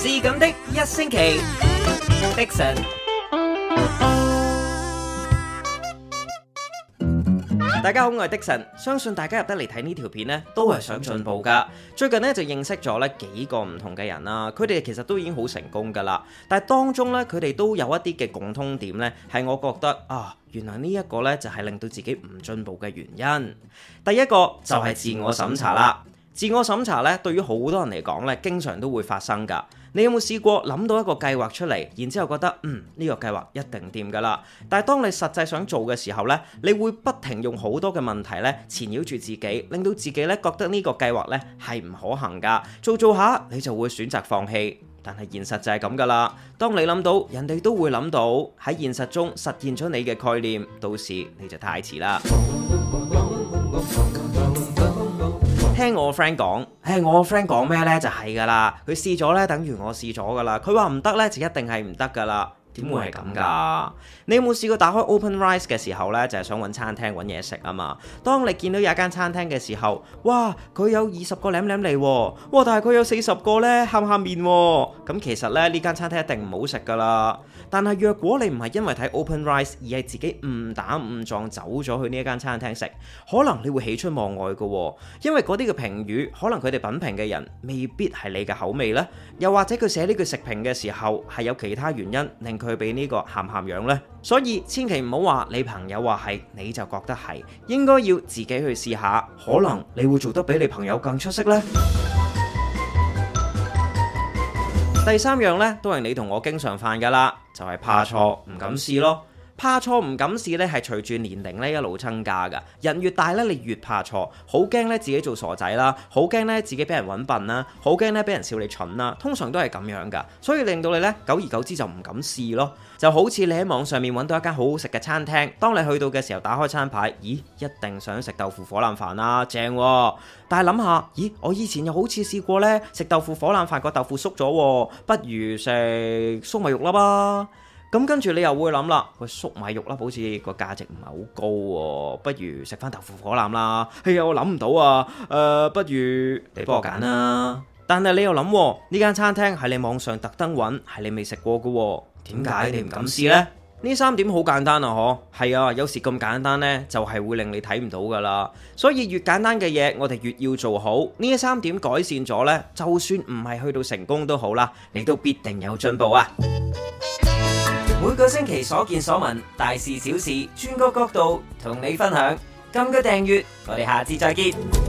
是咁的一星期，迪燊。大家好，我係迪燊。相信大家入得嚟睇呢條片呢，都係想進步噶。最近呢，就認識咗呢幾個唔同嘅人啦，佢哋其實都已經好成功噶啦。但係當中呢，佢哋都有一啲嘅共通點呢，係我覺得啊，原來呢一個呢，就係令到自己唔進步嘅原因。第一個就係自我審查啦。自我審查咧，對於好多人嚟講咧，經常都會發生噶。你有冇試過諗到一個計劃出嚟，然之後覺得嗯呢個計劃一定掂噶啦？但係當你實際想做嘅時候呢，你會不停用好多嘅問題咧纏繞住自己，令到自己咧覺得呢個計劃咧係唔可行噶。做做下你就會選擇放棄，但係現實就係咁噶啦。當你諗到，人哋都會諗到喺現實中實現咗你嘅概念，到時你就太遲啦。 聽我 friend 講，誒、欸，我 friend 講咩咧就係噶啦，佢試咗咧，等於我試咗噶啦，佢話唔得咧就一定係唔得噶啦。點會係咁㗎？ 你有冇試過打開 OpenRice 嘅時候呢？就係、是、想揾餐廳揾嘢食啊嘛？當你見到有一間餐廳嘅時候，哇！佢有二十個舐舐你哇！但係佢有四十個呢，喊喊面，咁、嗯、其實呢呢間餐廳一定唔好食㗎啦。但係若果你唔係因為睇 OpenRice 而係自己誤打誤撞走咗去呢一間餐廳食，可能你會喜出望外㗎，因為嗰啲嘅評語可能佢哋品評嘅人未必係你嘅口味呢，又或者佢寫呢句食評嘅時候係有其他原因令佢。佢俾呢個鹹鹹樣呢，所以千祈唔好話你朋友話係，你就覺得係，應該要自己去試下，可能你會做得比你朋友更出色呢。 第三樣呢，都係你同我經常犯噶啦，就係、係、怕錯唔敢試咯。怕錯唔敢試呢，係隨住年齡呢一路增加噶。人越大呢，你越怕錯，好驚呢，自己做傻仔啦，好驚呢，自己俾人揾笨啦，好驚呢，俾人笑你蠢啦。通常都係咁樣噶，所以令到你呢，久而久之就唔敢試咯。就好似你喺網上面揾到一間好好食嘅餐廳，當你去到嘅時候打開餐牌，咦，一定想食豆腐火腩飯啦，正喎、啊。但係諗下，咦，我以前又好似試過呢，食豆腐火腩飯，個豆腐縮咗，不如食粟米肉粒啦噃。咁跟住你又會諗啦，喂，粟米肉啦，好似個價值唔係好高喎、啊，不如食翻豆腐火腩啦。哎呀，我諗唔到啊，誒、呃，不如你幫我揀啊。但係你又諗呢間餐廳係你網上特登揾，係你未食過嘅、啊，點解你唔敢試呢？呢三點好簡單啊，嗬，係啊，有時咁簡單呢，就係、是、會令你睇唔到噶啦。所以越簡單嘅嘢，我哋越要做好。呢三點改善咗呢，就算唔係去到成功都好啦，你都必定有進步啊！每個星期所見所聞，大事小事，轉個角度同你分享。撳個訂閱，我哋下次再見。